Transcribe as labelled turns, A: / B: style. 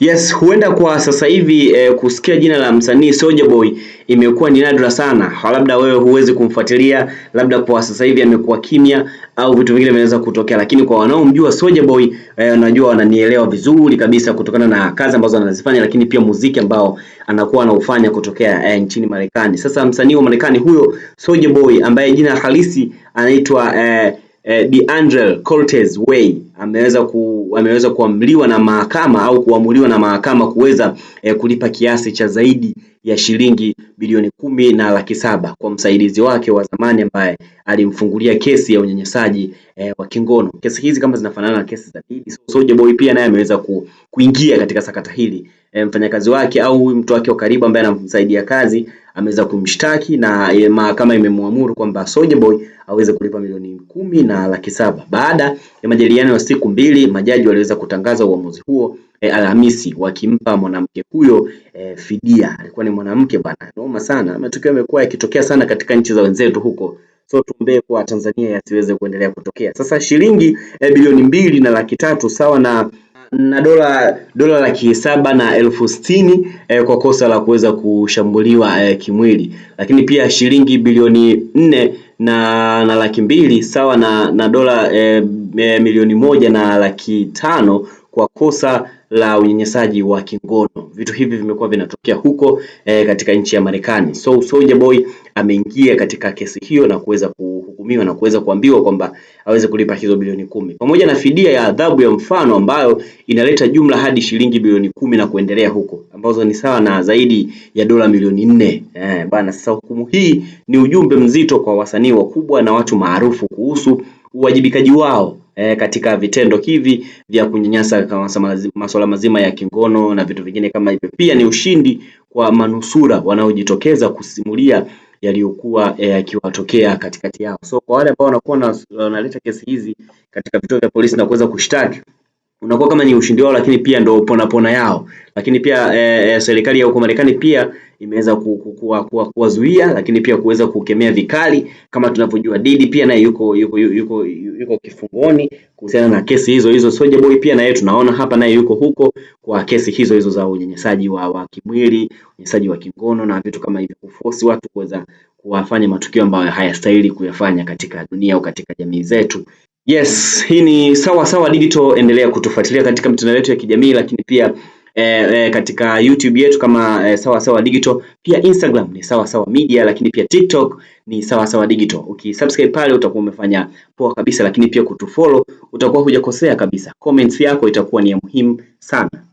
A: Yes, huenda kwa sasa hivi eh, kusikia jina la msanii Soulja Boy imekuwa ni nadra sana. Labda wewe huwezi kumfuatilia, labda kwa sasa hivi amekuwa kimya au vitu vingine vinaweza kutokea, lakini kwa wanaomjua Soulja Boy eh, najua wananielewa vizuri kabisa kutokana na kazi ambazo anazifanya, lakini pia muziki ambao anakuwa anaufanya kutokea eh, nchini Marekani. Sasa msanii wa Marekani huyo Soulja Boy ambaye jina halisi anaitwa eh, eh, DeAndre Cortez Way ameweza ku, ameweza kuamliwa na mahakama au kuamuliwa na mahakama kuweza eh, kulipa kiasi cha zaidi ya shilingi bilioni kumi na laki saba kwa msaidizi wake wa zamani ambaye alimfungulia kesi ya unyanyasaji eh, wa kingono. Kesi hizi kama zinafanana na kesi za Didi Soulja Boy, pia naye ameweza ku, kuingia katika sakata hili e, mfanyakazi wake au huyu mtu wake wa karibu ambaye anamsaidia kazi ameweza kumshtaki na e, mahakama imemwamuru kwamba Soulja Boy aweze kulipa milioni kumi na laki saba. Baada ya majadiliano ya siku mbili, majaji waliweza kutangaza uamuzi huo e, Alhamisi wakimpa mwanamke huyo e, fidia. Alikuwa ni mwanamke bwana, noma sana. Matukio yamekuwa yakitokea sana katika nchi za wenzetu huko so tuombee kwa Tanzania yasiweze kuendelea kutokea. Sasa shilingi e, bilioni mbili na laki tatu sawa na na dola dola laki saba na elfu sitini eh, kwa kosa la kuweza kushambuliwa eh, kimwili, lakini pia shilingi bilioni nne na, na laki mbili sawa na, na dola eh, milioni moja na laki tano kwa kosa la unyanyasaji wa kingono. Vitu hivi vimekuwa vinatokea huko eh, katika nchi ya Marekani. So Soulja Boy ameingia katika kesi hiyo na kuweza ku kuhukumiwa na kuweza kuambiwa kwamba aweze kulipa hizo bilioni kumi pamoja na fidia ya adhabu ya mfano ambayo inaleta jumla hadi shilingi bilioni kumi na kuendelea huko ambazo ni sawa na zaidi ya dola milioni nne. Eh, bana sasa hukumu hii ni ujumbe mzito kwa wasanii wakubwa na watu maarufu kuhusu uwajibikaji wao eh, katika vitendo hivi vya kunyanyasa kama masuala mazima ya kingono na vitu vingine kama hivyo. Pia ni ushindi kwa manusura wanaojitokeza kusimulia yaliyokuwa eh, yakiwatokea katikati yao. So kwa wale ambao wanakuwa wanaleta kesi hizi katika vituo vya polisi na kuweza kushtaki unakuwa kama ni ushindi wao, lakini pia ndo pona pona yao. Lakini pia e, serikali ya huko Marekani pia imeweza kuwazuia lakini pia kuweza kukemea vikali. Kama tunavyojua Didi pia naye yuko yuko, yuko yuko kifungoni kuhusiana na kesi hizo hizo. Soulja Boy pia naye tunaona hapa naye yuko huko kwa kesi hizo hizo za unyanyasaji wa, wa kimwili, unyanyasaji wa kingono na vitu kama hivyo, kuforce watu kuweza kuwafanya matukio ambayo hayastahili kuyafanya katika dunia au katika jamii zetu. Yes, hii ni Sawa Sawa Digital. Endelea kutufuatilia katika mitandao yetu ya kijamii, lakini pia eh, eh, katika YouTube yetu kama eh, Sawa Sawa Digital, pia Instagram ni Sawa Sawa Media, lakini pia TikTok ni Sawa Sawa Digital. Ukisubscribe pale utakuwa umefanya poa kabisa, lakini pia kutufollow utakuwa hujakosea kabisa. Comments yako itakuwa ni ya muhimu sana.